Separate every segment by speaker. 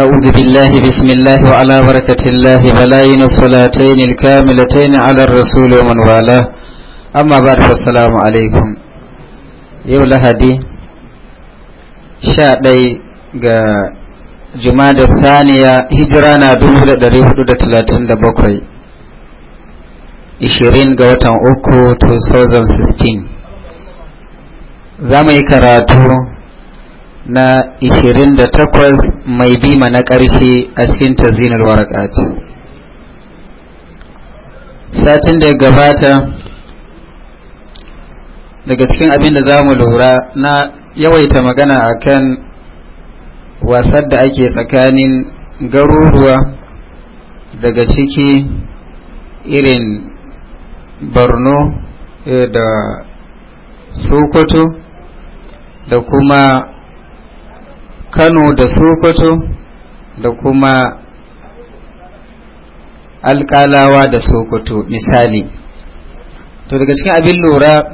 Speaker 1: أعوذ بالله بسم الله وعلى بركة الله بلاين الصلاتين الكاملتين على الرسول ومن والاه أما بعد فالسلام عليكم يو لهدي شادي جماد الثانية هجرانا دولة دريه دولة تلاتين دبوكوي إشيرين ga watan uku 2016 za mu na 28 mai bima na ƙarshe a cikin tazinar warakat satin da ya gabata daga cikin abin da zamu lura na yawaita magana akan wasar da ake tsakanin garuruwa daga ciki irin borno eh, da sokoto da kuma kano da sokoto da kuma alkalawa da sokoto misali to daga cikin abin lura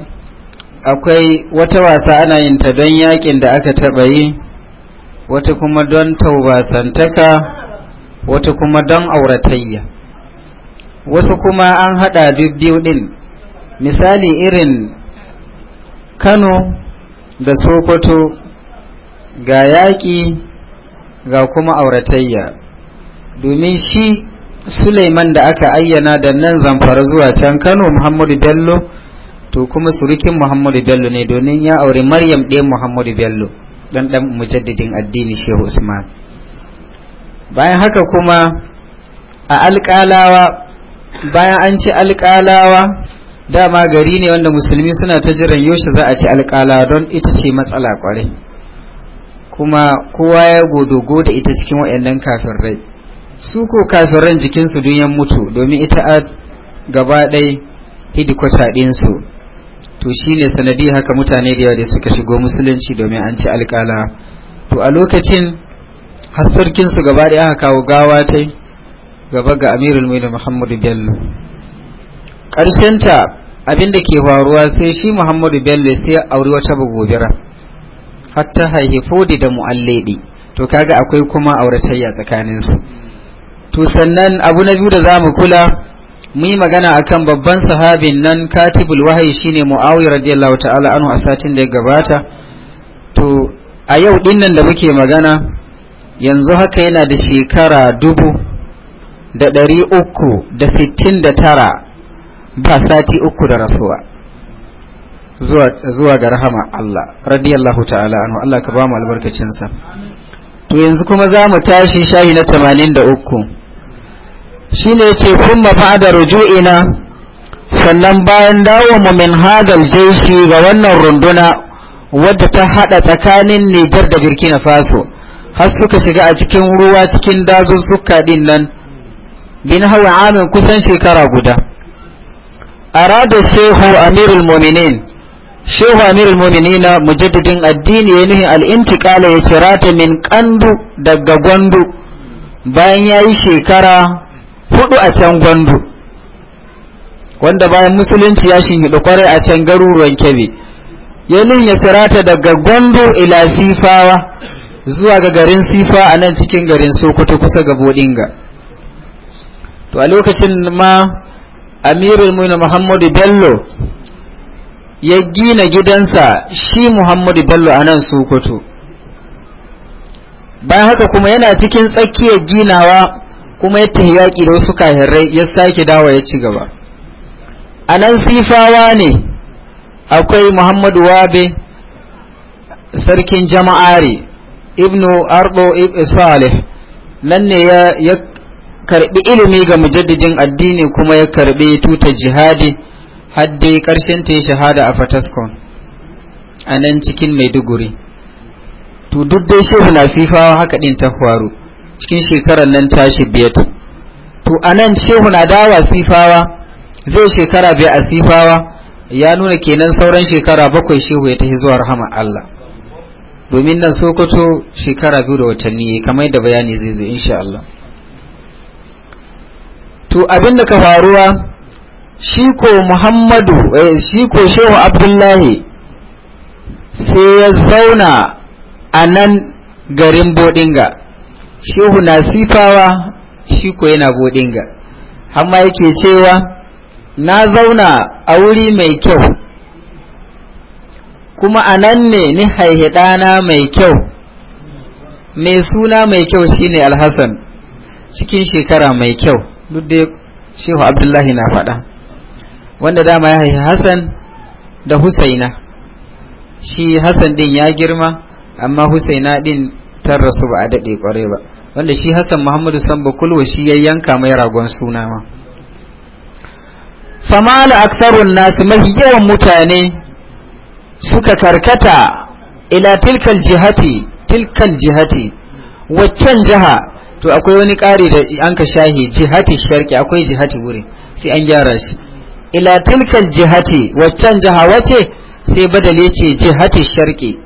Speaker 1: akwai wata wasa ana yin ta don yakin da aka taba yi wata kuma don taubasantaka wata kuma don auratayya wasu kuma an haɗa duk biyu din misali irin kano da sokoto ga yaƙi ga kuma auratayya domin shi suleiman da aka ayyana da nan zamfara zuwa can kano muhammadu bello to kuma surukin muhammadu bello ne domin ya aure maryam ɗaya muhammadu bello ɗan ɗan mujaddidin addini shehu usman bayan haka kuma a alƙalawa bayan an ci alƙalawa dama gari ne wanda musulmi suna ta jiran yaushe za a ci alƙalawa don ita ce matsala ƙwarai kuma kowa ya godogo da ita cikin waɗannan kafirai su ko kafiran jikinsu dun yan mutu domin ita a gaba ɗai hidikwata ɗinsu to shine sanadi haka mutane da yawa da suka shigo musulunci domin an ci alƙala to a lokacin hasarkinsu gaba ɗaya aka kawo gawa ta gaba ga amirul mu'minin muhammadu bello ƙarshenta abin da ke faruwa sai shi muhammadu bello sai ya auri wata bugobira hatta haifu da mu'alladi to kaga akwai kuma auratayya tsakanin su to sannan abu na biyu da zamu kula muyi yi magana akan babban sahabin nan katibul wahayi shine muawiya radiyallahu ta'ala anhu a satin da ya gabata to a yau dinnan da muke magana yanzu haka yana da shekara dubu da ɗari uku da sittin da tara ba sati uku da rasuwa zuwa ga rahama Allah radiyallahu ta'ala anhu Allah ka ba mu albarkacinsa to yanzu kuma za mu tashi shahi na 83 shine yace kuma ba'da ruju'ina sannan bayan dawo mu min hadal jaisi ga wannan runduna wadda ta hada tsakanin Niger da Burkina Faso har suka shiga a cikin ruwa cikin dazuzzuka din nan bin hawa amin kusan shekara guda arada shehu amirul mu'minin shehu amirul muminina mujaddidin addini ya nuhin al'intikala ya cirata min kandu daga gwandu bayan ya yi shekara hudu a can gwandu wanda bayan musulunci ya shinhidu kwarai a can garuruwan kebe ya nuhin ya cirata daga gwandu ila sifawa zuwa ga garin sifa a nan cikin garin sokoto kusa ga bodinga to a lokacin ma amirul muminina muhammadu bello ya gina gidansa shi muhammadu bello a nan sokoto bayan haka kuma yana cikin tsakiyar ginawa kuma ya yaƙi da wasu kahirrai ya sake dawa ya ci gaba a nan sifawa ne akwai muhammadu wabe sarkin jama'ari ibnu ardo salih nan ne ya karbi ilimi ga mujaddidin addini kuma ya karɓi tutar jihadi hadde karshen ta shahada a fataskon a nan cikin maiduguri to duk dai shehu na sifawa haka din ta faru cikin shekarar nan tashi biyar to a nan shehu na dawa sifawa zai shekara biya a sifawa ya nuna kenan sauran shekara bakwai shehu ya tafi zuwa rahama Allah domin nan sokoto shekara biyu da watanni kamar da bayani zai zo insha Allah to abin da ka faruwa Shiko muhammadu eh, shiko shehu abdullahi sai ya zauna a nan garin bodinga shehu na sifawa Shiko yana bodinga amma yake cewa na zauna a wuri mai kyau kuma a nan ne ni haihi ɗana mai kyau mai suna mai kyau shine alhassan cikin shekara mai kyau duk da shehu abdullahi na faɗa wanda dama ya haifi Hassan da Husaina shi Hassan din ya girma amma Husaina din tar rasu ba a daɗe ƙware ba wanda shi Hassan Muhammadu Sambo Kulwa shi ya yanka mai ragon suna ma famala aksarun nasu mafi yawan mutane suka karkata ila tilkal jihati tilkal jihati waccan jiha to akwai wani ƙari da an ka shahi jihati sharki akwai jihati wuri sai an gyara shi ila tilkal jihati waccan jiha wace sai badal jiha jihati sharqi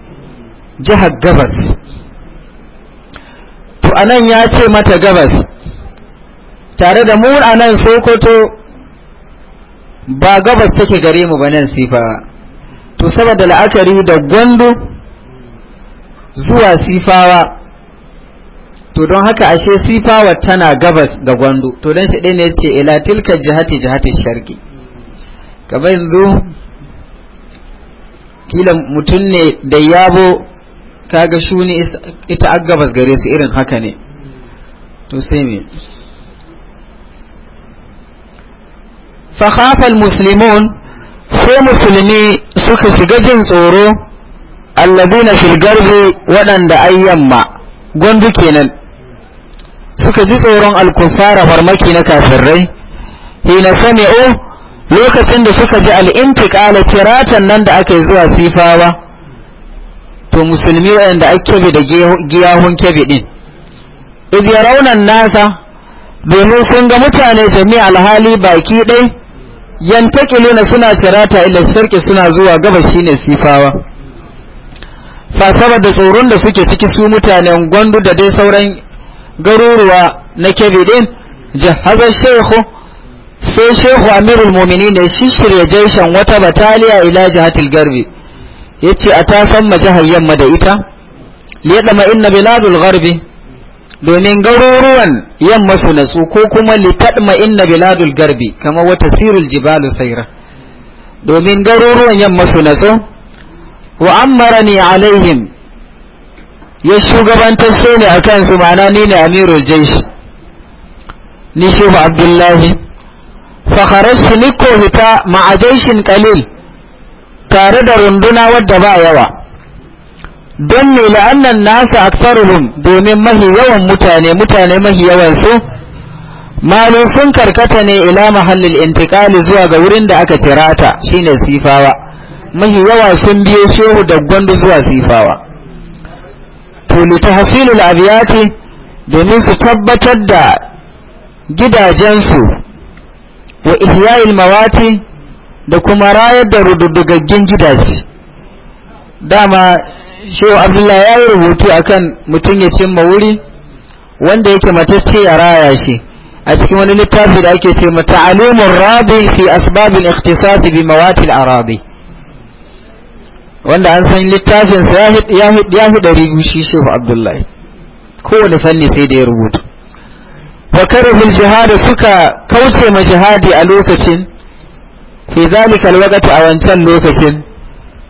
Speaker 1: jihar gabas to anan ya ce mata gabas tare da mu anan sokoto ba gabas take gare mu ba nan sifa to saboda la'akari da gwandu zuwa sifawa to don haka ashe sifawa tana gabas ga gwandu to don shi ɗaya ne ce ila tilka jihati jihati sharqi kaba yanzu kila mutum ne da yabo kaga shuni ita agabas gare su irin haka ne to sai me fakhafal muslimun sai musulmi suka shiga jin tsoro allazina fil garbi waɗanda ayyamma gwandu kenan suka ji tsoron alkufara farmaki na kafirai hina sami'u lokacin da suka ji al'intikala tiratan nan da aka yi zuwa sifawa to musulmi waɗanda ake bi da giyahun kebe ɗin Izya raunan nasa domin sun ga mutane jami'a alhali baki ɗai yantakiluna suna tirata ila sarki suna zuwa gaba shine sifawa fasabar da tsoron da suke ciki su mutanen gwandu da dai sauran garuruwa na kebe ɗin jahazar shekhu sai shehu amirul mumini ne shi shirya jaishan wata bataliya ila jihatil garbi ya ce a ta samma jihar yamma da ita liyaɗama inna biladul garbi domin garuruwan yamma su natsu ko kuma litaɗma inna biladul garbi kama wata sirul jibalu saira domin garuruwan yamma su natsu wa ammarani alaihim ya shugabantar sai ne a kansu ma'ana ni ne amirul jaish ni shehu abdullahi fakharajtu nikko fita ma'a kalil tare da runduna wadda ba yawa don me la'annan nasu aktsaruhum domin mahi yawan mutane mutane mahi yawan su malu sun karkata ne ila mahallin intiqali zuwa ga wurin da aka cirata shine sifawa mahi yawa sun biyo shehu da gwandu zuwa sifawa to li tahsilul abiyati domin su tabbatar da gidajensu wa ihya'il mawati da kuma rayar da rududdugaggen gidaje dama shehu abdullah ya yi rubutu akan mutum ya cimma wuri wanda yake matacce ya raya shi a cikin wani littafi da ake ce mata alimun rabi fi asbabin iktisasi bi a arabi wanda an san littafin ya fi ɗari gushi shehu abdullahi kowane fanni sai da ya rubuta wa karihul jihada suka kauce ma jihadi a lokacin fi zalika alwaqti a wancan lokacin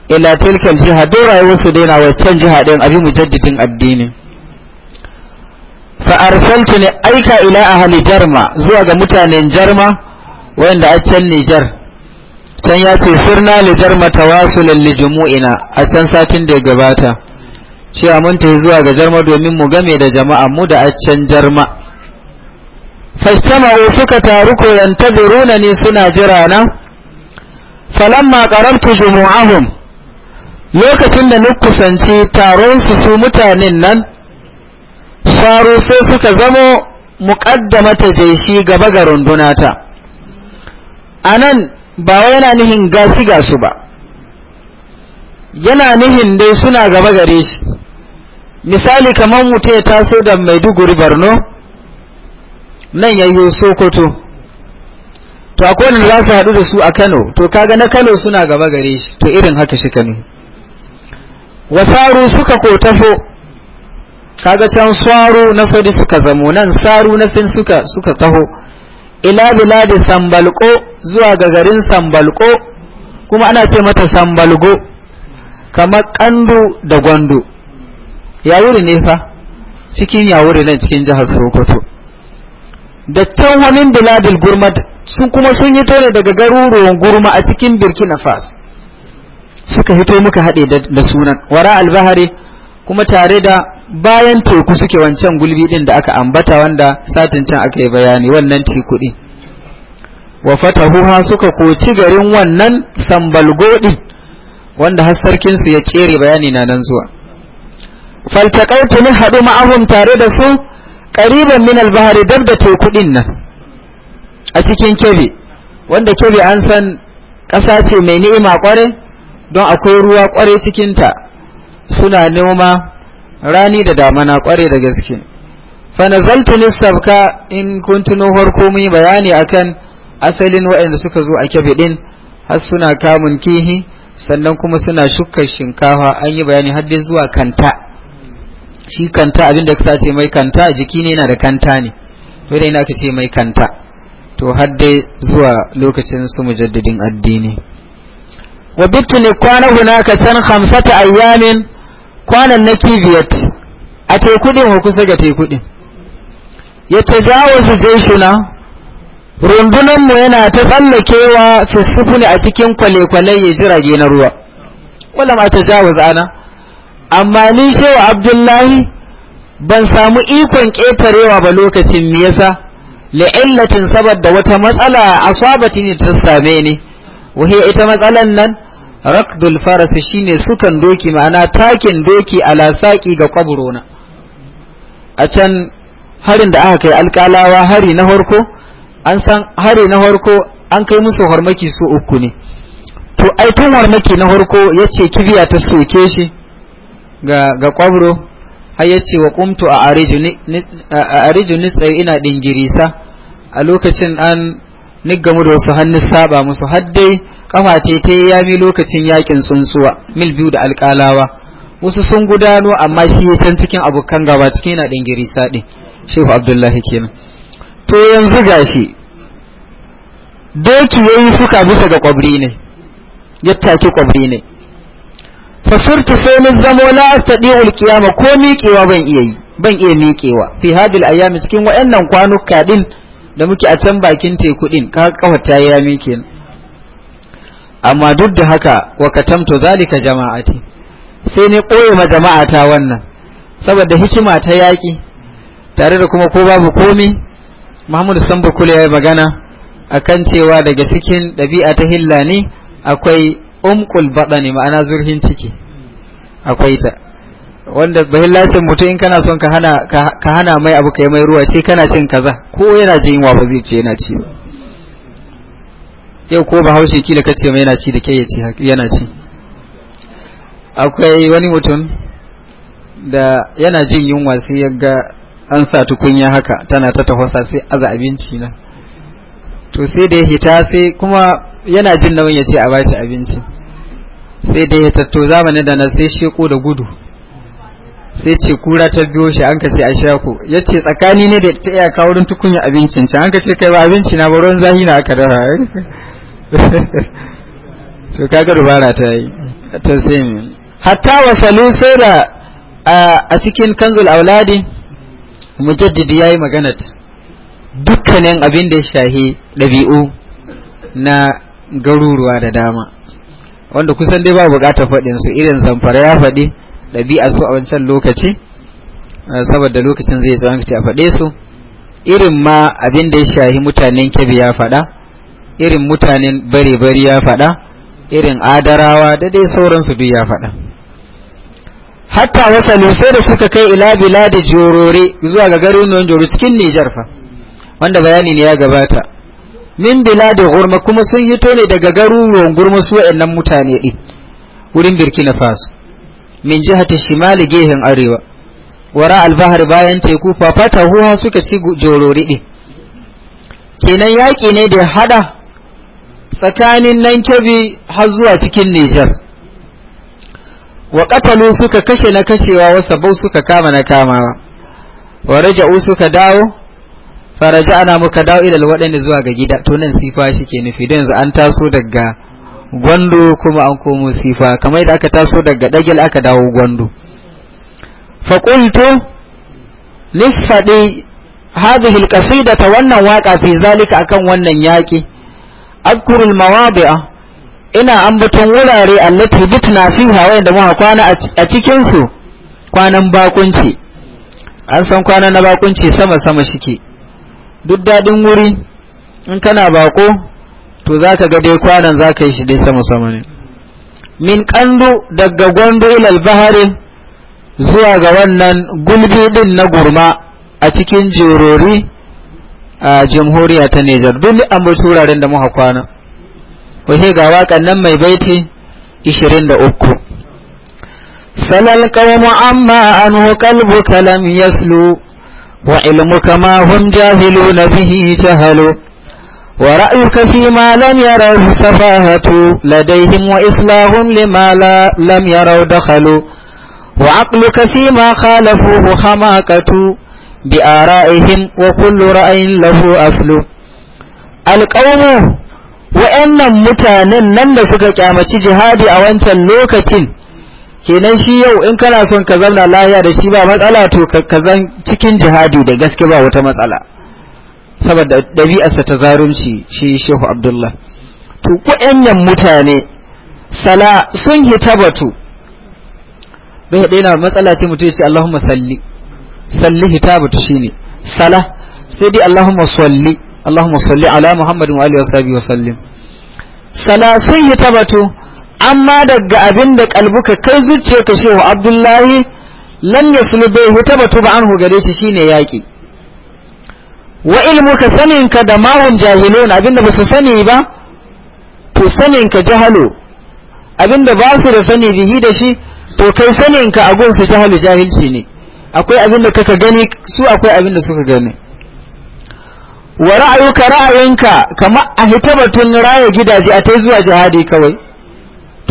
Speaker 1: ila tilka aljiha do rayuwar su daina wancan jiha din abi mujaddidin addini fa arsaltu ni aika ila ahli jarma zuwa ga mutanen jarma wanda a can Nijar can ya ce sirna li jarma tawasulan li jumu'ina a can satin da gabata cewa mun tafi zuwa ga jarma domin mu game da jama'a mu da a can jarma fastama'u suka taru ko yantaziruna ni suna jira na falamma qarabtu jumu'ahum lokacin da na kusanci taronsu su mutanen nan saru sai suka zamo muƙaddamata jeshi gaba ga rundunata anan ba wai yana nihin gashi gasu ba yana nihin dai suna gaba gare shi misali kamar mutum ya taso da maiduguri borno nan yayyo sokoto to akwai wanda za su haɗu da su a kano to kaga na kano suna gaba gare shi to irin haka shi kano wasaru suka ko taho kaga can saru na sodi suka zamo nan saru na sin suka suka taho ila biladi sambalko zuwa ga garin sambalko kuma ana ce mata sambalgo kamar kandu da gwando yawuri ne fa cikin yawuri nan cikin jihar sokoto dattan wamin biladil gurmad sun kuma sun yi tone daga garuruwan gurma a cikin burkina faso suka hito muka haɗe da sunan wara albahari kuma tare da bayan teku suke wancan gulbi din da aka ambata wanda satin can aka yi bayani wannan teku din wa ha suka koci garin wannan sambalgo godin wanda har sarkin su ya cere bayani na nan zuwa faltaƙaitu ni haɗu ma'ahum tare da su ƙariban min albahari dab da teku nan a cikin kebe wanda kebe an san ƙasa ce mai ni'ima ƙware don akwai ruwa ƙware cikinta suna noma rani da damana ƙware da gaske fanazaltu lissafka in kun tuno farko mun bayani akan asalin waɗanda suka zo a kebe ɗin har suna kamun kihi sannan kuma suna shukkar shinkafa an yi bayani har zuwa kanta shi kanta abin da kasa ce mai kanta jiki ne yana da kanta ne to dai ka ce mai kanta to har dai zuwa lokacin su mujaddidin addini wa bitu ne kwana hunaka can hamsata ayyamin kwanan na kibiyat a tekudin wa kusa ga tekudin ya tajawazu jeshuna rundunanmu yana ta tsallakewa ne a cikin kwale-kwale ya jirage na ruwa wala ma tajawazu ana amma ni shehu abdullahi ban samu ikon ƙetarewa ba lokacin me yasa la'illatin saboda wata matsala asabati ne ta same ni wahi ita matsalan nan raqdul faras shine sukan doki ma'ana takin doki ala saki ga kwaburona a can harin da aka kai alkalawa hari na harko an san hari na harko an kai musu harmaki su uku ne to ai harmaki na harko yace kibiya ta soke shi ga ga kwabro har wa kumtu a ariju ni ina dingirisa a lokacin an niggamu da wasu hannu saba musu dai kafa ce ta yami lokacin yakin tsuntsuwa mil biyu da alkalawa wasu sun gudano amma shi ya san cikin abokan gaba cikin yana dingirisa din shehu abdullahi kenan to yanzu gashi doki yayi suka bisa ga kwabri ne ya take kwabri ne fasurta sai mun zamo la tadiul qiyama ko miƙewa ban iya yi ban iya miƙewa fi hadil ayami cikin wayannan kwanuka din da muke a can bakin teku din ka kawata ya miƙe amma duk da haka wa katamtu zalika jama'ati sai ne koyo ma jama'ata wannan saboda hikima ta yaki. tare da kuma ko babu komi Muhammadu Sambo Kula ya yi magana akan cewa daga cikin ɗabi'a ta hilla ne akwai umkul baɗani ma'ana zurhin ciki akwai ta wanda bahillacin mutum in kana son ka hana ka hana mai abu kai mai ruwa ce kana cin kaza ko yana jin yunwa ba zai ce yana ci ba yau ko bahaushe kila kace mai yana ci da ke yana ci akwai wani mutum da yana jin yunwa sai ya ga an sa tukunya haka tana ta tafasa sai aza abinci na to sai da ya hita sai kuma yana jin nauyin ya ce a bashi abinci sai da ya tatto zamani da na sai sheko da gudu sai ce kura ta biyo shi an kace a shako ya ce tsakani ne da ta iya kawo wurin tukunya abincin can an kace kai ba abinci na baron zahi na aka dara to kaga dubara ta yi ta sai hatta wasalu sai da a cikin kanzul auladi mujaddidi yayi magana dukkanin abin da ya shahi dabi'u na garuruwa da dama wanda kusan dai ba bukatar faɗin su irin zamfara ya faɗi ɗabi'a su a wancan lokaci eh, saboda lokacin zai tsawon a faɗe su irin ma abin da ya shahi mutanen kebe ya faɗa irin mutanen bare-bare ya faɗa irin adarawa da dai sauransu duk ya faɗa hatta wasa sai da suka kai ila biladi jorore zuwa ga garin garunuwan joro cikin nijar fa wanda bayani ne ya gabata min da gurma kuma sun yi ne daga garuruwan gurma su wa'annan mutane din wurin Burkina Faso min jihati shimali gehen arewa wara albahar bayan teku fafata huwa suka ci jorori din kenan yaƙi ne da hada tsakanin nan kebe har zuwa cikin Nijar wa suka kashe na kashewa wasa bau suka kama na kamawa wa raja'u suka dawo faraja ana muka dawo ilal waɗanda zuwa ga gida to nan sifa shi ke nufi don yanzu an taso daga gwando kuma an komo sifa kamar yadda aka taso daga ɗagil aka dawo gwando faƙulto nifaɗi hadhihi alqasida ta wannan waka fi zalika akan wannan yaƙi akuru almawadi'a ina ambaton wurare allati bitna fiha wa inda muka kwana a cikin su kwanan bakunci an san kwana na bakunci sama sama shike duk daɗin wuri in kana bako to za ka dai kwanan za ka yi shi dai sama sama ne min kandu daga gwandu ilal baharin zuwa ga wannan gulbi din na gurma a cikin jirori a jamhuriya ta Nijar duk an bar turaren da muka kwana sai ga waƙan nan mai baiti 23 salal qawmu amma an qalbuka lam yaslu وعلمك ما هم جاهلون به جهل ورأيك فيما لم يروا سفاهة لديهم وإصلاح لما لا لم يروا دخلوا وعقلك فيما خالفوه حماكة بآرائهم وكل رأي له أصل القوم wa'annan mutanen nan da suka kyamaci jihadi a wancan lokacin kenan shi yau in kana son ka zauna lahiya da shi ba matsala to ka zan cikin jihadi da gaske ba wata matsala saboda ɗabi'arsa ta zarunci shi shehu abdullah to kuɗanyan mutane sala sun hita batu bai daina matsala ce mutum ya ce allahumma salli salli hita batu shine sala sai dai allahumma salli allahumma salli ala muhammadin wa alihi wa sahbihi wa sallim sala sun hita batu amma daga abin da kalbuka kai zuciyarka shehu abdullahi ya yaslu bai huta batu ba an gare shi shine yaki wa ilmuka saninka da mahun jahilun abinda ba su sani ba to saninka jahalo abinda ba su da sani bihi da shi to kai saninka a gunsu jahalu jahilci ne akwai abinda kaka gani su akwai abinda suka gani wa ra'ayuka ra'ayinka kamar a hitabatun raya gidaje a tai zuwa jihadi kawai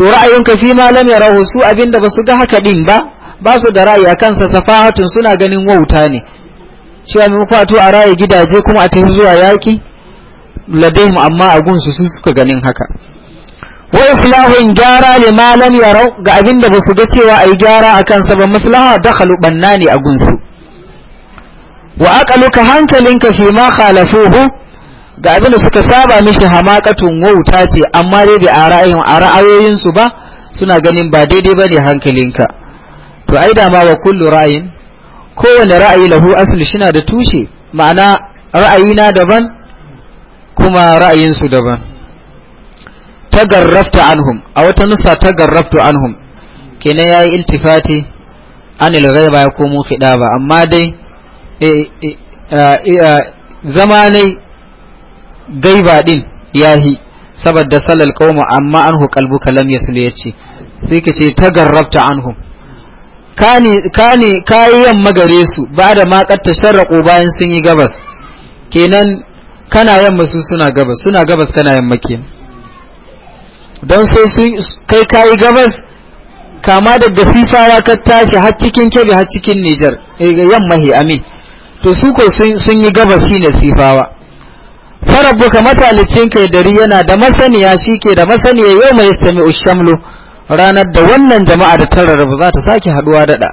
Speaker 1: to ra'ayinka fi ma lam yarahu su abinda basu ga haka din ba basu da ra'ayi akan sa safahatun suna ganin wauta ne cewa mun fato a ra'ayi gidaje kuma a tafi zuwa yaki ladaimu amma a gunsu su suka ganin haka
Speaker 2: wa islahun gyara ne ma lam yarau ga
Speaker 1: abinda basu ga cewa ai gyara akan kansa ba maslaha dakhalu banna ne a gunsu wa aqaluka hankalinka fi ma khalafuhu ga abin da suka saba mishi hamakatun wauta ce amma dai da a ra'ayoyinsu ba suna ganin ba daidai ba ne hankalinka to ai da ma wa kullu ra'ayin kowane ra'ayi lahu asli shina da tushe ma'ana ra'ayina daban kuma ra'ayinsu daban tagarrafta anhum a wata nusa tagarraftu anhum kenan yayi iltifati anil ghaiba ya komo fida ba amma dai eh, eh, eh, zama ne gaiba din yahi saboda salal qawma amma anhu qalbuka lam yasli yace sai kace ce tagarrabta anhum kani kani yan magare su ba da ma katta sharraqo bayan sun yi gabas kenan kana yamma su suna gabas suna gabas kana yamma kenan don sai sun kai kai gabas kama daga fifara ka tashi har cikin kebe har cikin Nijar eh, yamma he amin to su ko sun yi gabas shine sifawa farabbuka matalicinka kai dari yana da masaniya shi ke da masaniya yau mai sami ushamlu ranar da wannan jama'a da ta rarrabu za ta sake haduwa daɗa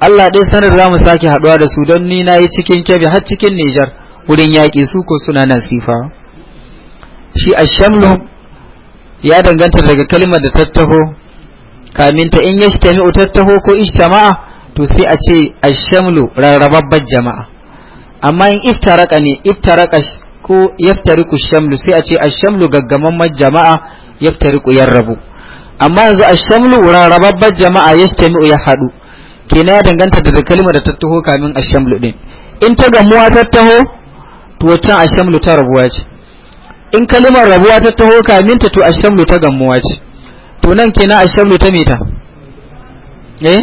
Speaker 1: Allah ɗaya sanar za mu sake haduwa da su don ni na yi cikin kebe har cikin Nijar wurin yaƙi su ko suna nan sifa shi ashamlu ya danganta daga kalmar da tattaho kamin ta in yashtami'u tattaho ko jama'a to sai a ce ashamlu rarrababbar jama'a amma in iftaraka ne iftaraka ko yaftariku shamlu sai a ce ashamlu gaggamamman jama'a yaftariku yarrabu amma yanzu ashamlu rarrababban jama'a yastami'u ya hadu kenan ya danganta da kalmar da tattaho kamin ashamlu din in ta gamuwa tattaho to wancan ashamlu ta rabuwa ce in kalmar rabuwa ta kamin ta to ashamlu ta gamuwa ce to nan kenan ashamlu ta mita eh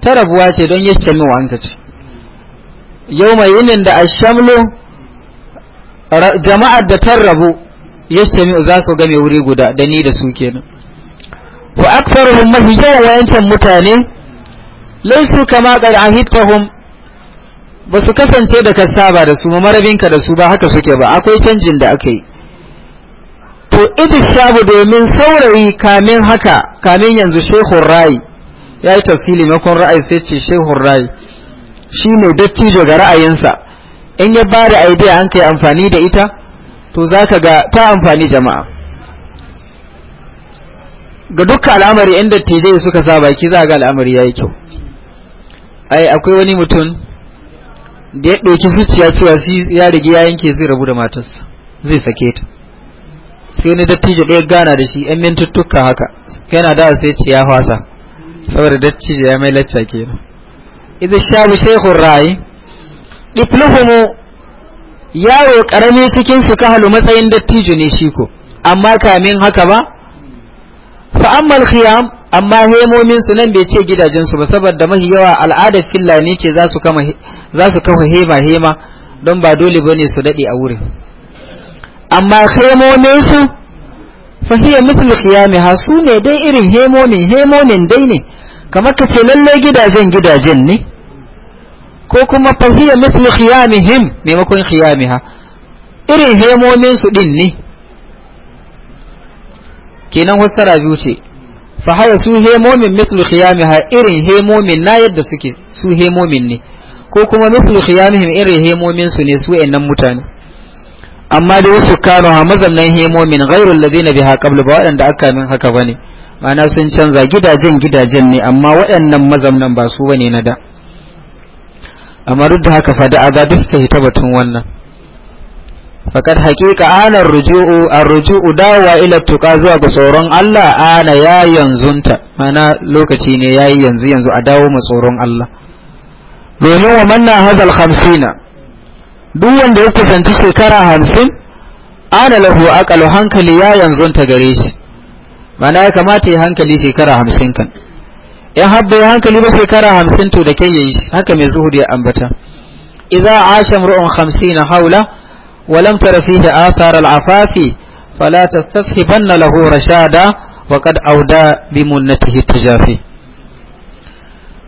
Speaker 1: ta rabuwa ce don yastami'u an ka ce yau mai yinin da ashamlu jama'ar da ta rabu yastami za su game wuri guda da ni da su kenan wa aktsaruhum mafi wa wayancan mutane laysu kama qad ahidtahum ba kasance da kasaba da su marabinka da su ba haka suke ba akwai canjin da aka yi to idishabu domin saurayi kamin haka kamin yanzu shehun rai ya yi tafsili makon ra'ayi sai ce shehun rai shi ne dattijo ga ra'ayinsa in ya ba da idea an kai amfani da ita to za ka ga ta amfani jama'a ga dukkan al'amari inda tijai suka sa baki za ga al'amari ya yi kyau ai akwai wani mutum da ya ɗauki zuciya cewa shi ya rige ya yanke zai rabu da matarsa zai sake ta sai wani dattijo ɗaya gana da shi yan mintuttuka haka yana da sai ce ya fasa saboda dattijo ya mai lacca kenan idan shabu shehun rai. ya wa karami cikinsu su kahalu matsayin dattijo ne shi ko amma kamin haka ba fa al khiyam amma su nan bai ce su ba saboda mahi yawa al'adar fillani ce za su kafa hema hema don ba dole bane ne su dade a wurin amma su fa hiya mutum khiyam ha su ne dai irin hemomin hemomin dai ne kamar ka ce lallai gidajen gidajen ne ko kuma fahiya mithlu khiyamihim maimakon khiyamiha irin hemomin su din ne kenan fassara biyu ce fa haya su hemomin mithlu khiyamiha irin hemomin na yadda suke su hemomin ne ko kuma mithlu khiyamihim irin hemomin su ne su wayannan mutane amma da wasu kano ha mazannan hemomin ghairul ladina biha qabl ba wadanda aka min haka bane ma'ana sun canza gidajen gidajen ne amma waɗannan mazamnan ba su bane na da amma duk da haka fada aza duk suka hita batun wannan fakat haƙiƙa ana ruju'u arruju'u dawowa ila tuqa zuwa ga tsoron Allah ana ya yanzunta mana lokaci ne yayi yanzu yanzu a dawo mu tsoron Allah domin wa manna hadal 50 duk wanda ya kusanci shekara 50 ana lahu aqalu hankali ya yanzunta gare shi mana ya kamata ya hankali shekara 50 kan in habba ya hankali ba shekara hamsin to da kyan yayi haka mai zuhud ya ambata idza asha mar'un na haula wa lam tara fihi athar al'afafi afafi fala tastashibanna lahu rashada wa qad auda bi munnatihi tijafi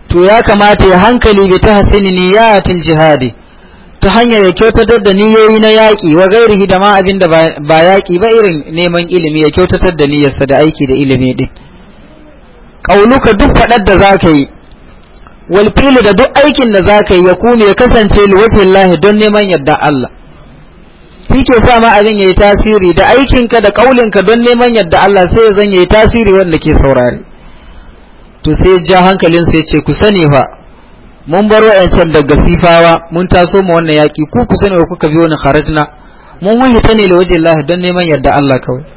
Speaker 1: to ya kamata ya hankali bi tahsini niyatil jihadi ta hanyar ya kyautatar da niyoyi na yaƙi wa gairihi da ma abin da ba yaƙi ba irin neman ilimi ya kyautatar da niyyarsa da aiki da ilimi din qauluka duk faɗar da zaka yi wal da duk aikin da zaka yi ya kuma ya kasance liwajhillahi don neman yarda Allah shi sa ma abin yayi tasiri da aikinka da kaulinka don neman yarda Allah sai ya zan yayi tasiri wanda ke saurari. to sai ja hankalin sai ce ku sani fa mun bar wa'ancan daga sifawa mun taso mu wannan yaki ku ku sani wa kuka biyo ni kharajna mun wuce ta ne lawaje Allah don neman yarda Allah kawai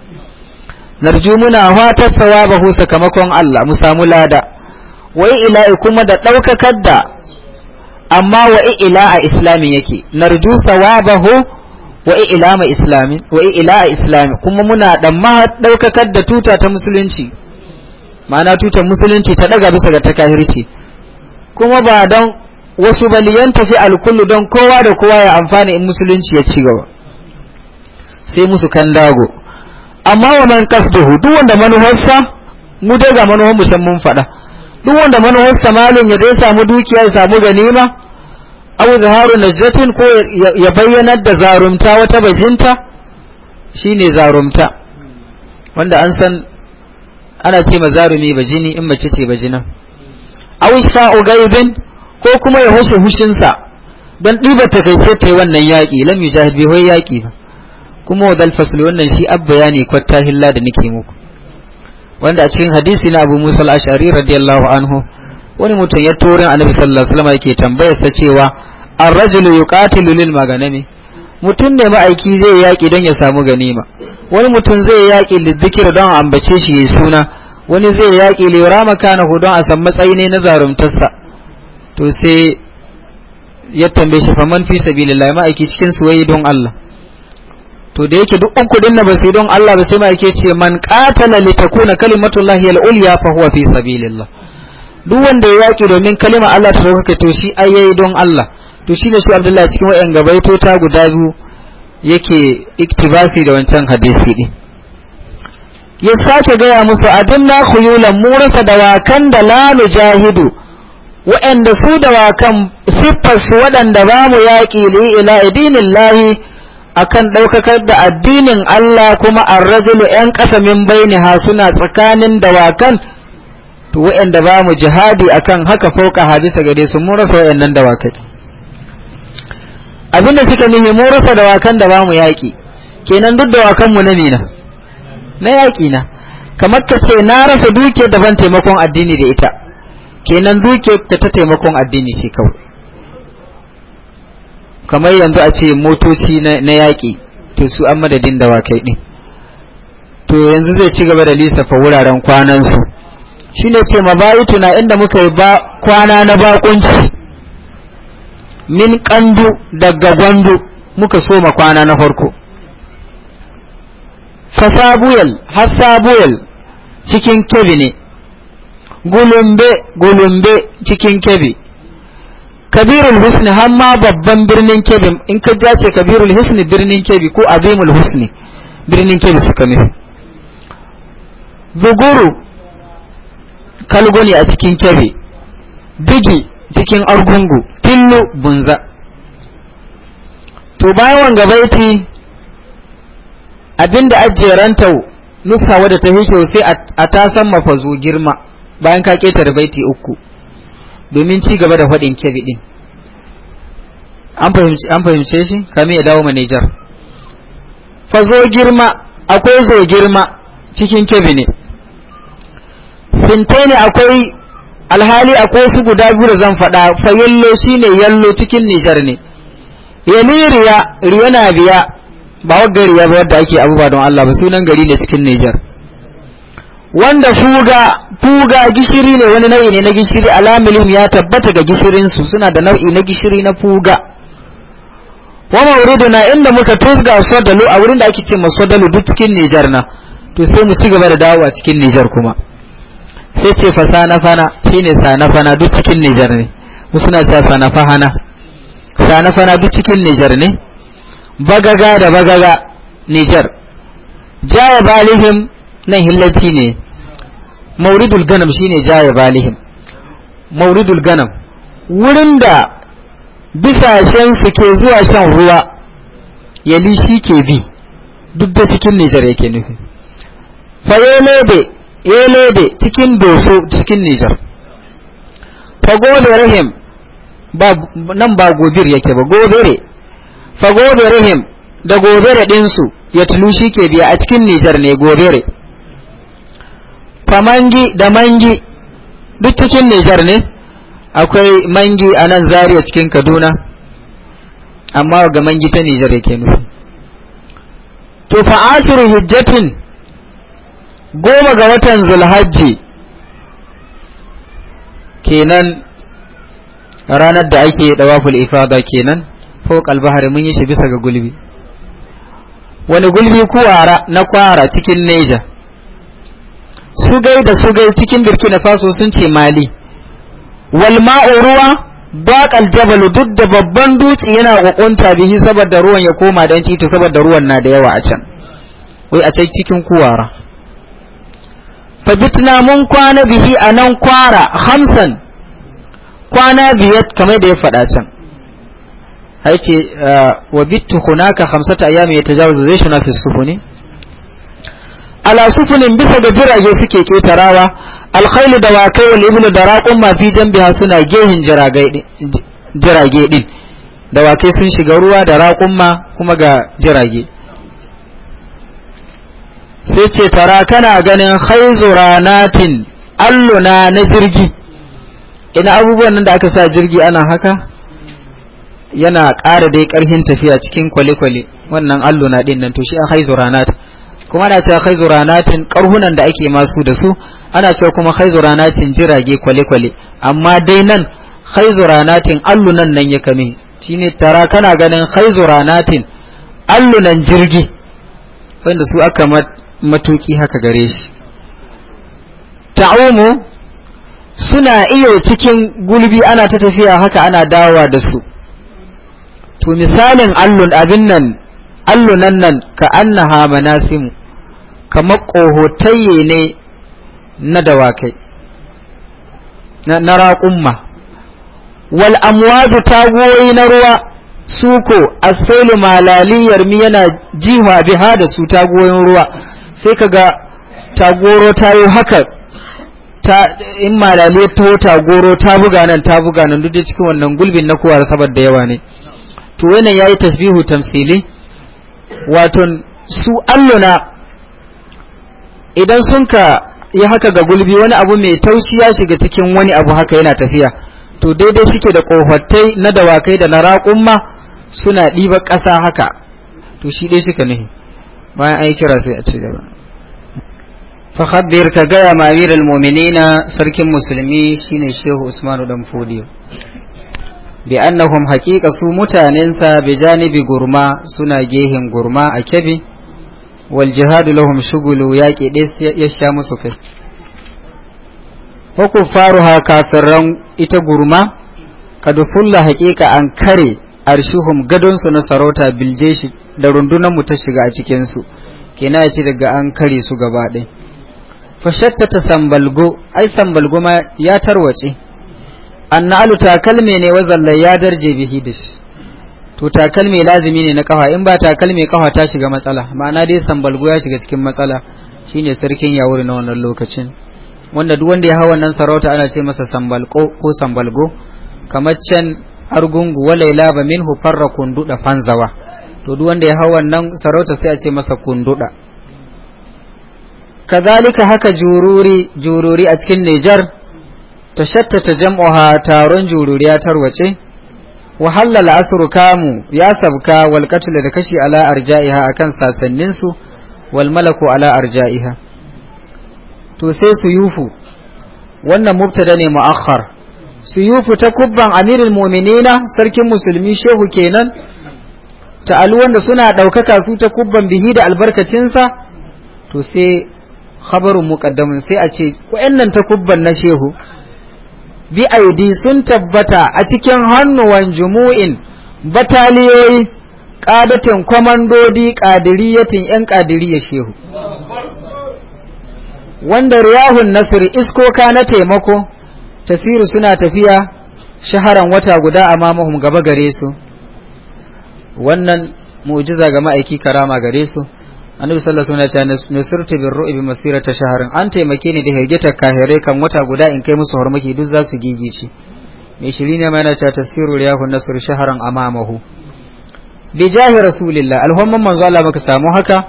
Speaker 1: narju muna fatar sawabahu sakamakon Allah mu samu lada wa ila kuma da daukakar da amma wa ila a islamin yake narju sawabahu wa ila ma islamin wa ila a islami kuma muna da ma daukakar da tuta ta musulunci ma'ana tutar musulunci ta daga bisa ga takahirci kuma ba don wasu baliyan tafi alkullu don kowa da kowa ya amfani in musulunci ya ci gaba sai musu kan dago amma wa man qasduhu duk wanda manuwarsa mu dai ga manuwar mu san mun faɗa duk wanda manuwarsa malin ya dai samu dukiya ya samu ganima abu zaharu najatin ko ya bayyanar da zarumta wata bajinta shine zarumta wanda an san ana ce ma zarumi bajini in mace ce bajina aw sha'u gaibin ko kuma ya hushe hushinsa don diba ta kai sai ta yi wannan yaƙi lam yujahid bi yaƙi ba kuma wadal fasl wannan shi abba ne kwatta hilla da nake muku wanda a cikin hadisi na Abu Musa al-Ash'ari radiyallahu anhu wani mutum ya turin Annabi sallallahu alaihi wasallam yake tambayar ta cewa ar-rajulu yuqatilu lil maganami mutum ne ma'aiki zai yaki don ya samu ganima wani mutum zai yaki lidhikr don ambace shi yayi suna wani zai yaki li rama kana don a san matsayi ne na zaruntarsa to sai ya tambaye shi faman fi sabilillah ma'aiki cikin su don Allah to da yake duk uku din na basu don Allah ba sai ma yake ce man qatala li takuna kalimatullahi al-ulya fa huwa fi sabilillah duk wanda ya yaki domin kalima Allah ta dauka to shi ayayi don Allah to shine shi Abdullahi cikin wayan to ta guda biyu yake iktibasi da wancan hadisi din ya sake gaya musu adinna khuyulan murafa dawakan da la nujahidu wa'anda su dawakan siffar su waɗanda ba mu yaƙi li ila idinillahi akan daukakar da addinin Allah kuma ar-rajulu ‘yan kasamin baini ha suna tsakanin dawakan to wa'yanda ba mu jihadi akan haka fauka hadisa gare su mun rasa wa'yannan dawakai abinda suka nemi mun rasa dawakan da ba mu yaƙi kenan duk dawakan mu na ne na yaƙi na kamar ka ce na rasa duke daban taimakon addini da ita kenan duke ta taimakon addini shi kawai kamar yanzu a ce motoci na yaƙi to su an madadin dawakai ɗin to yanzu zai ci gaba da lissafa wuraren kwanansu shi ne ce mabayitu na inda muka yi ba kwana na bakunci min kandu daga gwandu muka soma kwana na farko fasabuyal hasabuyal cikin kebi ne gulumbe gulumbe cikin kebi kabirul husni har ma babban birnin kebi in ka ce kabirul husni birnin kebi ko azimul husni birnin kebi suka nufi zuguru kalgo a cikin kebi digi cikin argungu tillu bunza to bayan wanga baiti abinda ajjeranta nusa da ta hito sai a tasan mafazo girma bayan ka da baiti uku domin ci gaba da faɗin kebi ɗin an fahimce shi kami ya dawo manajar fa zo girma akwai zo girma cikin kebi ne fintai ne akwai alhali akwai su guda biyu da zan faɗa fa yallo shine yallo cikin nijar ne yali riya riya na biya ba wa ba wadda ake abubuwa don Allah ba sunan gari ne cikin nijar wanda fuga fuga gishiri ne wani nau'i ne na gishiri alamilin ya tabbata ga gishirinsu suna da nau'i na gishiri na fuga wa na inda muka tusga sadalu a wurin da ake cewa sadalu duk cikin Nijar na to sai mu ci gaba da dawowa cikin Nijar kuma sai ce fa sanafana shine sanafana duk cikin Nijar ne suna cewa sanafahana sanafana duk cikin Nijar ne bagaga da bagaga Nijar jaya balihim nan hillaci ne mauridul ganam shine jaya balihim mauridul ganam wurin da bisashen su ke zuwa shan ruwa yali shi ke bi duk da cikin Nijar yake nufi fa yelebe yelebe cikin doso cikin Nijar fa gobe rahim ba nan ba gobir yake ba gobere fa gobe rahim da gobere din su ya tulu shi ke biya a cikin Nijar ne gobere kwamangi da mangi duk cikin nijar ne akwai mangi a nan zariya cikin kaduna amma ga mangi ta nijar yake nufi to fa ashiru hijjatin goma ga watan zulhajji kenan ranar da ake dawaful ifada kenan ko kalbahar mun yi shi bisa ga gulbi wani gulbi kuwara na kwara cikin neja sugai da sugai cikin burkina faso sun ce mali wal ma'u ruwa baƙal jabalu duk da babban dutse yana ƙwaƙwanta bihi saboda ruwan ya koma don cito saboda ruwan na da yawa a can wai a can cikin kuwara bitna mun kwana bihi a nan kwara hamsan kwana biyar kamar da ya faɗa can haice wa bitu hunaka hamsata ayyami ya tajawazu zai shuna fi sufu ne ala sufunin bisa ga jirage suke ketarawa alkhailu da wakai wal ibnu da raqum ma fi jambiha suna gehin
Speaker 2: jirage
Speaker 1: din da wakai sun shiga ruwa da raqum ma kuma ga jirage sai ce tara kana ganin khayzuranatin ranatin alluna na jirgi ina abubuwan nan da aka sa jirgi ana haka yana ƙara dai ƙarfin tafiya cikin kwale-kwale wannan alluna din nan to shi a haizu ranatin kuma ana cewa kai zuranatin karhunan da ake masu da su ana cewa kuma kai zuranatin jirage kwale-kwale amma dai nan kai zuranatin allunan nan ya kame shine tara kana ganin kai zuranatin allunan jirgi wanda su aka matuki haka gare shi ta'umu suna iyo cikin gulbi ana ta tafiya haka ana dawa da su to misalin allun abin nan allunan nan ka annaha manasimu kamar ƙohotayye ne na dawakai na raƙumma wal amwadu tagoyi na ruwa suko asali malaliyar mi yana jiwa biha da su tagoyin ruwa sai kaga tagoro ta yi haka ta in malaliyar ta tagoro ta buga nan ta buga nan duk cikin wannan gulbin na kowar da yawa ne to wannan yayi tasbihu tamsili wato su alluna idan sun ka yi haka ga gulbi wani abu mai taushi ya shiga cikin wani abu haka yana tafiya to daidai suke da kohottai na dawakai da na raƙumma suna ɗiba ƙasa haka to shi dai suka nuhi bayan an yi kira sai a ci gaba fakhabbir ka gaya ma amirul na sarkin musulmi shine shehu usmanu dan fodiyo bi annahum haqiqa su mutanensa bi janibi gurma suna gehin gurma a kebe wal jihadu lahum shugulu ya ɗaya ya sha musu kai faru kafin ran ita gurma kad fulla haqiqa an kare arshuhum gadon su na sarauta bilje biljeshi da rundunan mu ta shiga a cikin su kina ci daga an kare su gaba ɗaya fa shattata sambalgo ai sambalgo ma ya tarwace annalu takalme ne wazalla ya darje bihi dashi to takalmi lazimi ne na kafa in ba takalmi kafa ta shiga matsala ma'ana dai sambalgo ya shiga cikin matsala shine sarkin yawuri na wannan lokacin wanda duk wanda ya hawa wannan sarauta ana ce masa sambalko ko sambalgo kamar can argungu wa walaila ba minhu farra kunduda fanzawa to duk wanda ya hawa wannan sarauta sai a ce masa kunduda kazalika haka jururi jururi a cikin Nijar tashattata jam'uha taron jururi ya tarwace wa halala ya sabka wal da kashi ala arja'iha akan sasannin su wal malaku ala arja'iha to sai su wannan mubtada ne muakhar Suyufu yufu ta kubban amirul mu'minina sarkin musulmi shehu kenan ta'alu wanda suna ɗaukaka su ta kubban bihi da albarkacinsa to sai khabarun muqaddamin sai a ce wa'annan ta kubban na shehu bi sun tabbata a cikin hannuwan jumu'in bataliyoyi ƙadatin kwamandodi ƙadiriyatin 'yan ya shehu wanda riyahun isko iskoka na taimako tasiru suna tafiya shaharan wata guda a mamahun gaba gare su wannan mu'jiza ga ma'aiki karama gare su annabi sallallahu alaihi wasallam ya ce nusirtu bir ru'bi masirata shaharin an taimake ni da hirgitar kahirai kan wata guda in kai musu hormaki duk za su gigice mai shiri ne ma yana cewa tasfiru riyahun nasr shaharan amamahu bi jahi rasulillah alhumman manzo Allah muka samu haka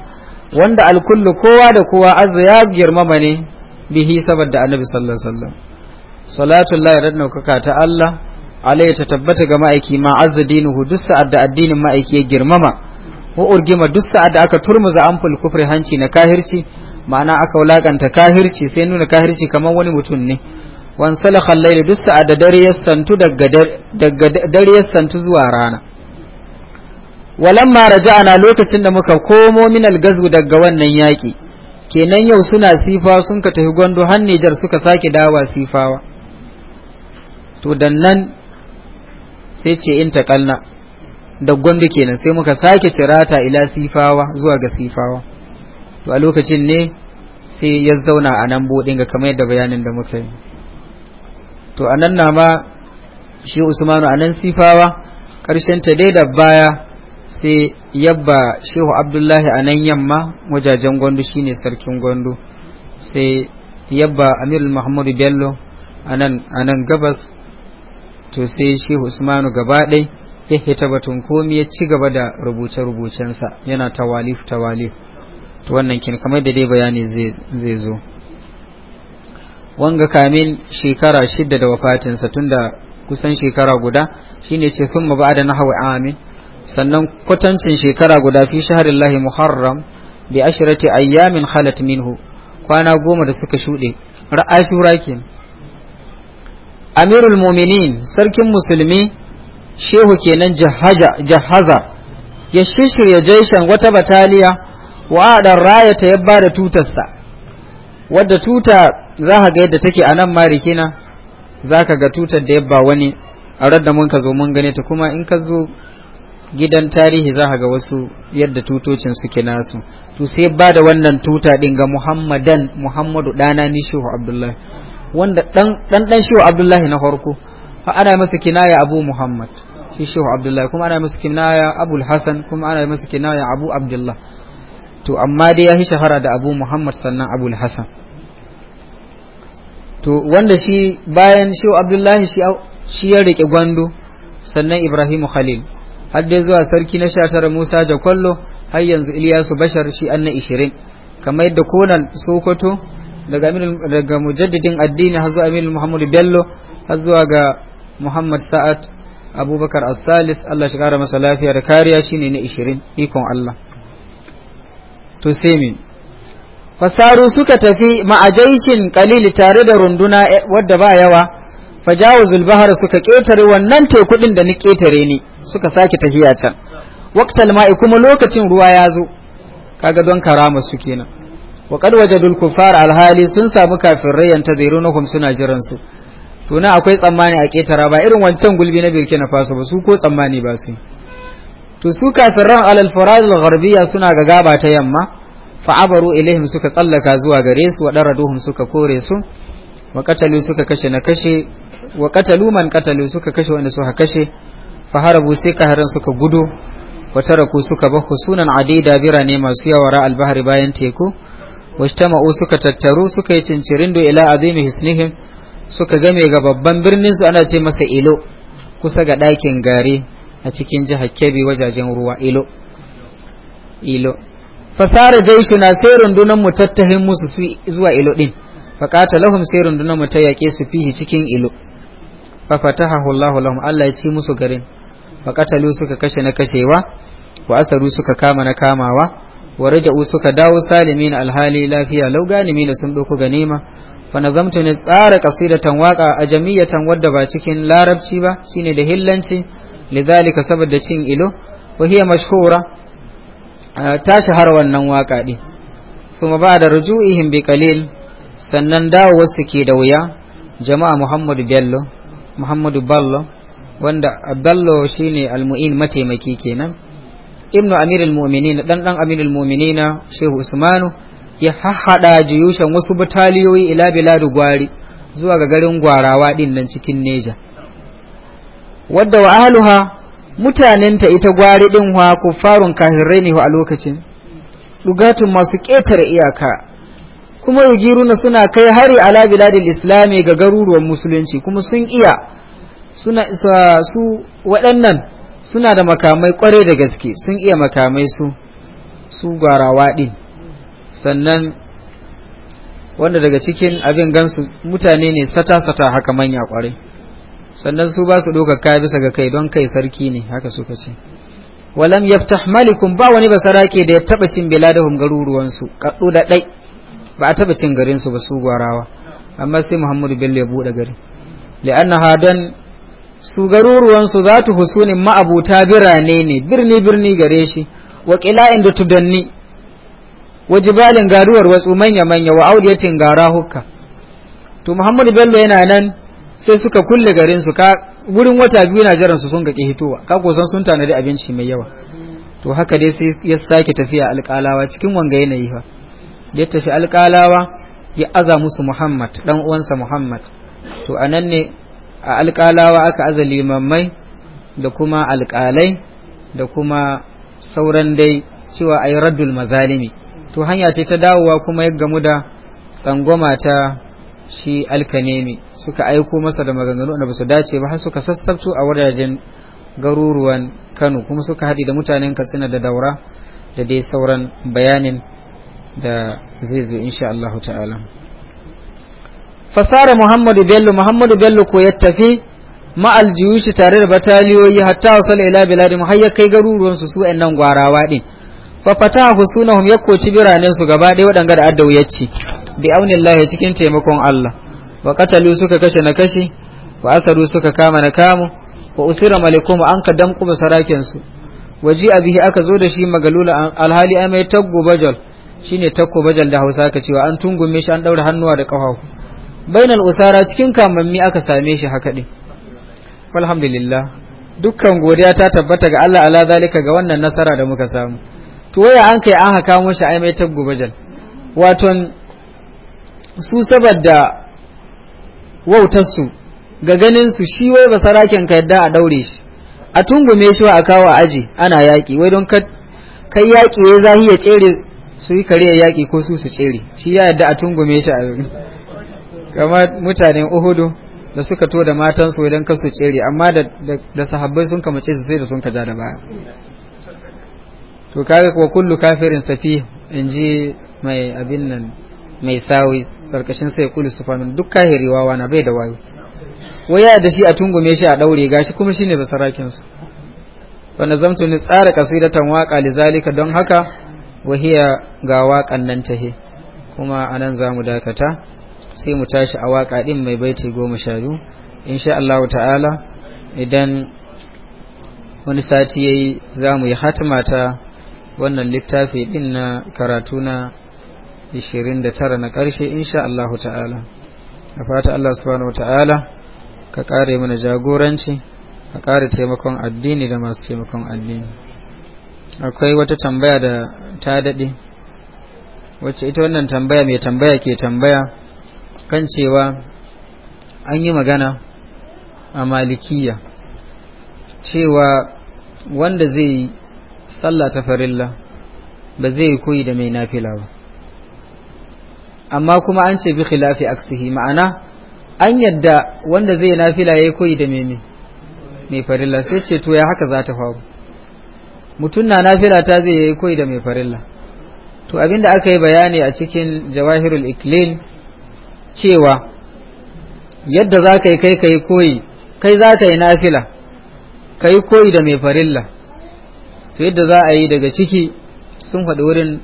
Speaker 1: wanda alkullu kowa da kowa azza ya girmama ne bihi saboda annabi sallallahu alaihi wasallam salatullahi kaka ta Allah alai ta tabbata ga ma'aiki ma azza dinuhu duk da addinin ma'aiki ya girmama wa urgima duk sa'ad da aka turmuza amful kufri hanci na kahirci ma'ana aka wulakanta kahirci sai nuna kahirci kamar wani mutum ne wan salakha al-layl duk sa'ad da dare ya santu daga dare ya santu zuwa rana walamma raja'ana lokacin da muka komo min al daga wannan yaki kenan yau suna sifa sun ka tafi gwando har suka sake dawa sifawa to dan nan sai ce in taƙalna da gombe kenan sai muka sake ta ila sifawa zuwa ga sifawa to a lokacin ne sai ya zauna a nan buɗin ga kamar yadda bayanin da muka yi to anan na ma shi usmanu a sifawa karshen ta dai da baya sai yabba shehu abdullahi anan yamma wajajen gwandu shine sarkin gwandu sai yabba amirul muhammadu bello a nan gabas to sai shehu usmanu gaba ɗaya ya hita batun komi ya ci gaba da rubuce-rubucensa yana tawalif tawalif to wannan kin kamar da dai bayani zai zo wanga kamin shekara shidda da wafatinsa tunda kusan shekara guda shine ce sun ba da nahawa amin sannan kwatancin shekara guda fi lahi muharram bi ashirati ayyamin khalat minhu kwana goma da suka shuɗe ra'afi rakin amirul muminin sarkin musulmi shehu kenan jahaza ya shishirya jaishan wata bataliya wa adar raya ta ya bada tutarsa wadda tuta za ka ga yadda take a nan marikina za ka ga tutar da yabba wani a radda mun ka zo mun gane ta kuma in ka zo gidan tarihi za ka ga wasu yadda tutocin suke nasu to sai ba da wannan tuta din ga muhammadan muhammadu dana ni shehu abdullahi wanda dan dan shehu abdullahi na farko ana masa kinaya abu muhammad shi shehu abdullahi kuma ana masa kinaya abul hasan kuma ana masa kinaya abu abdullah to amma dai ya yi shahara da abu muhammad sannan abu hasan to wanda shi bayan shehu abdullahi shi ya rike gwando sannan ibrahimu khalil har dai zuwa sarki na shatara musa jakwallo har yanzu iliyasu bashar shi an na ishirin kamar yadda konan sokoto daga mujaddidin addini har zuwa aminu muhammadu bello har zuwa ga Muhammad Sa'ad Abubakar As-Salis Allah shi kara masa lafiya da kariya shine na 20 ikon Allah to sai fasaru suka tafi ma'ajaishin kalili tare da runduna eh, wadda ba yawa fajawazul bahar suka ketare wannan tekudin da ni ketare ni suka saki tafiya can waqtal ma'i kuma lokacin ruwa ya zo kaga don karama su kenan wa qad wajadul kuffar alhali sun samu kafirai yantazirunhum suna jiran su to akwai tsammani a ƙetara ba irin wancan gulbi na na Faso ba su ko tsammani ba su to su kafiran alal faradil gharbiya suna ga gaba ta yamma fa'abaru ilaihim suka tsallaka zuwa gare su wa suka kore su wa katalu suka kashe na kashe wa katalu man katalu suka kashe wanda suka kashe fa harabu sai kaharan suka gudu wa taraku suka ba husunan adida birane masu yawa ra albahari bayan teku Wa istama'u suka tattaru suka yi cincirindo ila azimi hisnihim suka game ga babban birnin su ana ce masa ilo kusa ga ɗakin gari a cikin jihar kebbi wajajen ruwa ilo ilo fasara jaishu na sai rundunar mu tattahin musu zuwa ilo din faƙata lahum sai rundunar mu su fi cikin ilo fa fataha Allahu lahum Allah ya ci musu garin faƙatalu suka kashe na kashewa wa asaru suka kama na kamawa wa raja'u suka dawo salimin alhali lafiya lau ganimi da sun ɗauko ganima fa ne tsara kasidatan waka a jamiyatan wadda ba cikin larabci ba shine da hillanci lidhalika saboda cin ilo wa hiya mashhura ta shahara wannan waka din kuma ba da ruju'ihim bi qalil sannan dawo wasu ke da wuya jama'a Muhammadu Bello Muhammadu Ballo wanda Bello shine almu'in mataimaki kenan ibnu amirul mu'minin dan dan amirul mu'minin Shehu Usmanu ya hahada juyushan wasu bataliyoyi ila biladu gwari zuwa ga garin gwarawa din nan cikin neja wadda wa ahluha mutanenta ita gwari din wa kuffarun kahirai ne a lokacin dugatun masu ƙetare iyaka kuma yugiruna suna kai hari ala biladil islami ga garuruwan musulunci kuma sun iya suna isa su waɗannan suna da makamai kwarai da gaske sun iya makamai su su gwarawa din sannan wanda daga cikin abin gansu mutane ne sata-sata haka manya kwarai sannan su ba su ɗaukar bisa ga kai don kai sarki ne haka suka ce walam yaftah malikum ba wani basarake da ya taba cin biladahum garuruwansu kaddu da dai ba a taba cin garin su ba su gwarawa amma sai muhammadu bello ya bude gari li'anna hadan su garuruwansu zatu husunin ma'abuta birane ne birni birni gare shi wa qila'in da tudanni wajibalin garuwar wasu manya-manya wa auliyatin gara hukka to muhammadu bello yana nan sai suka kulle garin su ka wurin wata biyu na jiran su sun ga kihitowa ka san sun tanadi abinci mai yawa to haka dai sai ya sake tafiya alƙalawa cikin wanga yanayi fa ya tafi alƙalawa ya aza musu muhammad dan uwansa muhammad to anan ne a alƙalawa aka aza limammai da kuma alƙalai da kuma sauran dai cewa ayi raddul mazalimi to hanya ce ta dawowa kuma ya gamu da tsangwama ta shi alkanemi suka aiko masa da maganganu na ba su dace ba har suka sassabto a wajajen garuruwan kano kuma suka haɗi da mutanen katsina da daura da dai sauran bayanin da zai zo insha Allah ta'ala fasara muhammadu bello muhammadu bello ko ya tafi ma aljiyushi tare da bataliyoyi hatta wasu ila biladi mu har ya kai garuruwansu su nan gwarawa din fa fatahu sunahum yakoci biranen su gaba waɗanga da addawu yacci bi aunillahi cikin taimakon Allah wa qatalu suka kashe na kashe wa asaru suka kama na kamu wa usira malikum an ka damƙuma sarakin su waji abihi aka zo da shi magalula alhali ai mai taggo bajal shine takko bajal da Hausa ka cewa an tungume shi an daura hannuwa da kafafu bainal usara cikin kamammi aka same shi haka din walhamdulillah dukkan godiya ta tabbata ga Allah ala zalika ga wannan nasara da muka samu to waya an kai an haka mashi ai mai taggo bajal waton su saboda wautarsu ga ganinsu shi wai ba sarakin ka yadda a daure shi a tungume shi wa a kawo aji ana yaƙi wai don kai yaƙi ya zahi ya tsere su yi kare yaƙi ko su su tsere shi ya yadda a tungume shi a kamar mutanen uhudu da suka to da matansu idan kasu tsere amma da sahabbai sun kamace su sai da sun ka da baya to kaga wa kullu kafirin safi in ji mai abin nan mai sawi karkashin sai kullu sufanun duk kahiri wawa na bai da wayo waya da shi a tungume shi a daure gashi kuma shine sarakin su fa nazamtu ni tsara kasidatan waka lizalika don haka wahiya ga waƙan nan tahe kuma anan zamu dakata sai mu tashi a waka din mai baiti goma sha biyu insha Allah ta'ala idan wani sati yayi zamu yi hatima ta wannan littafi din na karatu na 29 na ƙarshe insha Allah ta'ala da fata Allah subhanahu ta'ala ka ƙare mana jagoranci ka ƙare taimakon addini da masu taimakon addini akwai wata tambaya da ta daɗe wacce ita wannan tambaya mai tambaya ke tambaya kan cewa an yi magana a malikiya cewa wanda zai sallah ta farilla ba zai yi koyi da mai nafila ba amma kuma an ce bi khilafi aksihi ma'ana an yadda wanda zai nafila ya koyi da mai mai farilla sai ce to ya haka za ta faru mutum na nafila ta zai yi koyi da mai farilla to abinda aka yi bayani a cikin jawahirul iklin cewa yadda za ka yi kai ka yi koyi kai za ka yi nafila ka yi koyi da mai farilla to yadda za a yi daga ciki sun faɗi wurin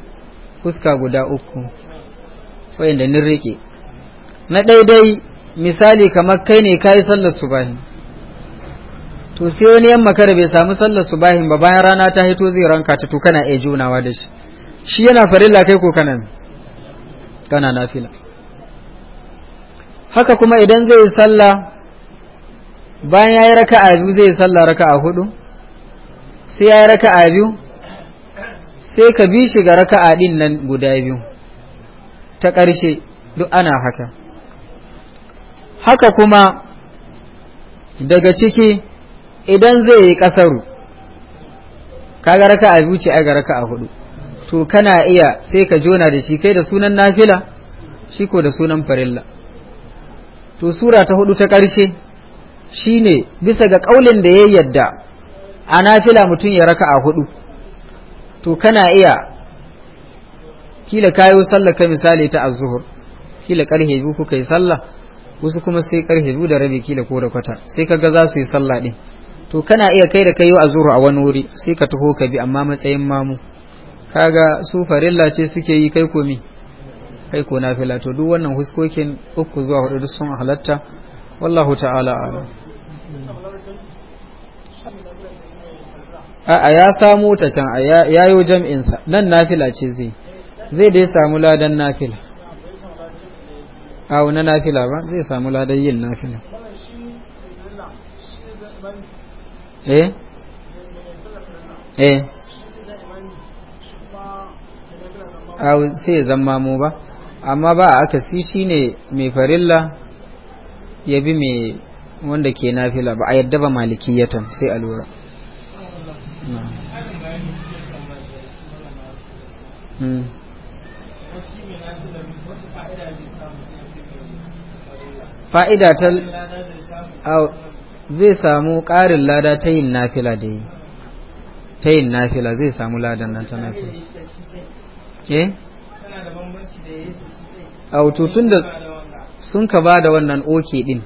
Speaker 1: fuska guda uku wayanda nin rike na daidai misali kamar kai ne kai sallar subahin to sai wani yan makara bai samu sallar subahin ba bayan rana ta hito zai ranka ta to kana iya junawa da shi shi yana farilla kai ko kana kana nafila haka kuma idan zai yi sallah bayan yayi raka'a biyu zai yi sallah raka'a hudu sai ya yi raka'a biyu sai ka bi shi ga raka'a din nan guda biyu ta ƙarshe duk ana haka haka kuma daga ciki idan zai yi ƙasaru kaga raka'a biyu ce ai ga raka'a hudu to kana iya sai ka jona da shi kai da sunan nafila shi ko da sunan farilla to sura ta hudu ta ƙarshe shine bisa ga ƙaulin da ya yadda a nafila mutum ya raka a hudu to kana iya kila kayo sallah ka misali ta azuhur kila karhe biyu kuka yi sallah wasu kuma sai karhe biyu da rabi kila ko da kwata sai kaga za su yi sallah din to kana iya kai da kayo azuhur a wani wuri sai ka taho ka bi amma matsayin mamu kaga su farilla ce suke yi kai komi kai ko nafila to duk wannan huskokin uku zuwa hudu sun halatta wallahu ta'ala a'lam a ya samu ta can ya yi jam'insa nan nafila ce zai zai dai samu ladan nafila a wani nafila ba zai samu ladan yin nafila eh eh a sai zama mu ba amma ba a aka si shi ne mai farilla ya bi mai wanda ke nafila ba a yadda ba malikiyatan sai a lura
Speaker 2: Hmm. fa'ida ta
Speaker 1: zai samu ƙarin lada ta yin nafila da yi ta yin nafila zai samu ladan nan ta nafila ke? Eh? a hututun da sun ka ba da wannan oke din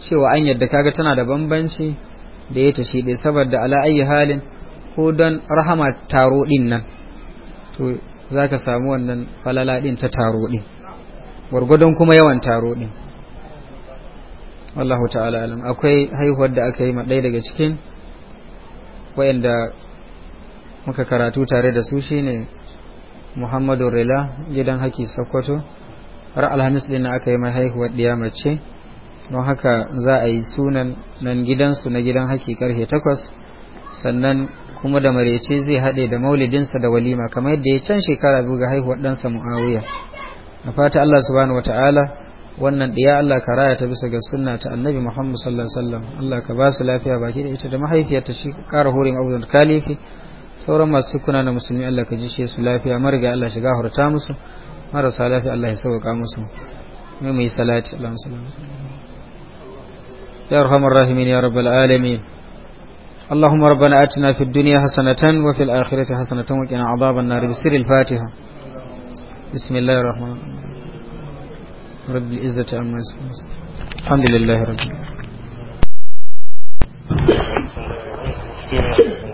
Speaker 1: cewa an yadda kaga tana da bambanci da ya ta shi saboda ala'ayi halin ko don rahama taro din nan to za ka samu wannan falala din ta taro din gwargwadon kuma yawan taro din wallahu ta'ala alam akwai haihuwar da aka yi ma ɗaya daga cikin wayanda muka karatu tare da su shine muhammadu rila gidan haki sokoto har alhamis din na aka yi mai haihuwar ɗiya mace don haka za a yi sunan nan gidansu na gidan haki karfe takwas sannan kuma da marece zai haɗe da maulidinsa da walima kamar yadda ya can shekara biyu ga haihuwar ɗansa mu'awiya a fata Allah subhanahu wa ta'ala wannan ɗiya Allah ka raya ta bisa ga sunna ta annabi Muhammad sallallahu alaihi wasallam Allah ka ba su lafiya baki da ita da mahaifiyarta shi kara ƙara horin abu da kalifi sauran masu tukuna na musulmi Allah ka shi su lafiya mariga Allah shiga hurta musu marasa lafiya Allah ya sauka musu mai mai salati Allah musulmi ya rahamar rahimin ya rabbal alamin اللهم ربنا آتنا في الدنيا حسنة وفي الآخرة حسنة وقنا عذاب النار بسر الفاتحة بسم الله الرحمن الرحيم رب العزة عما يصفون الحمد لله رب العالمين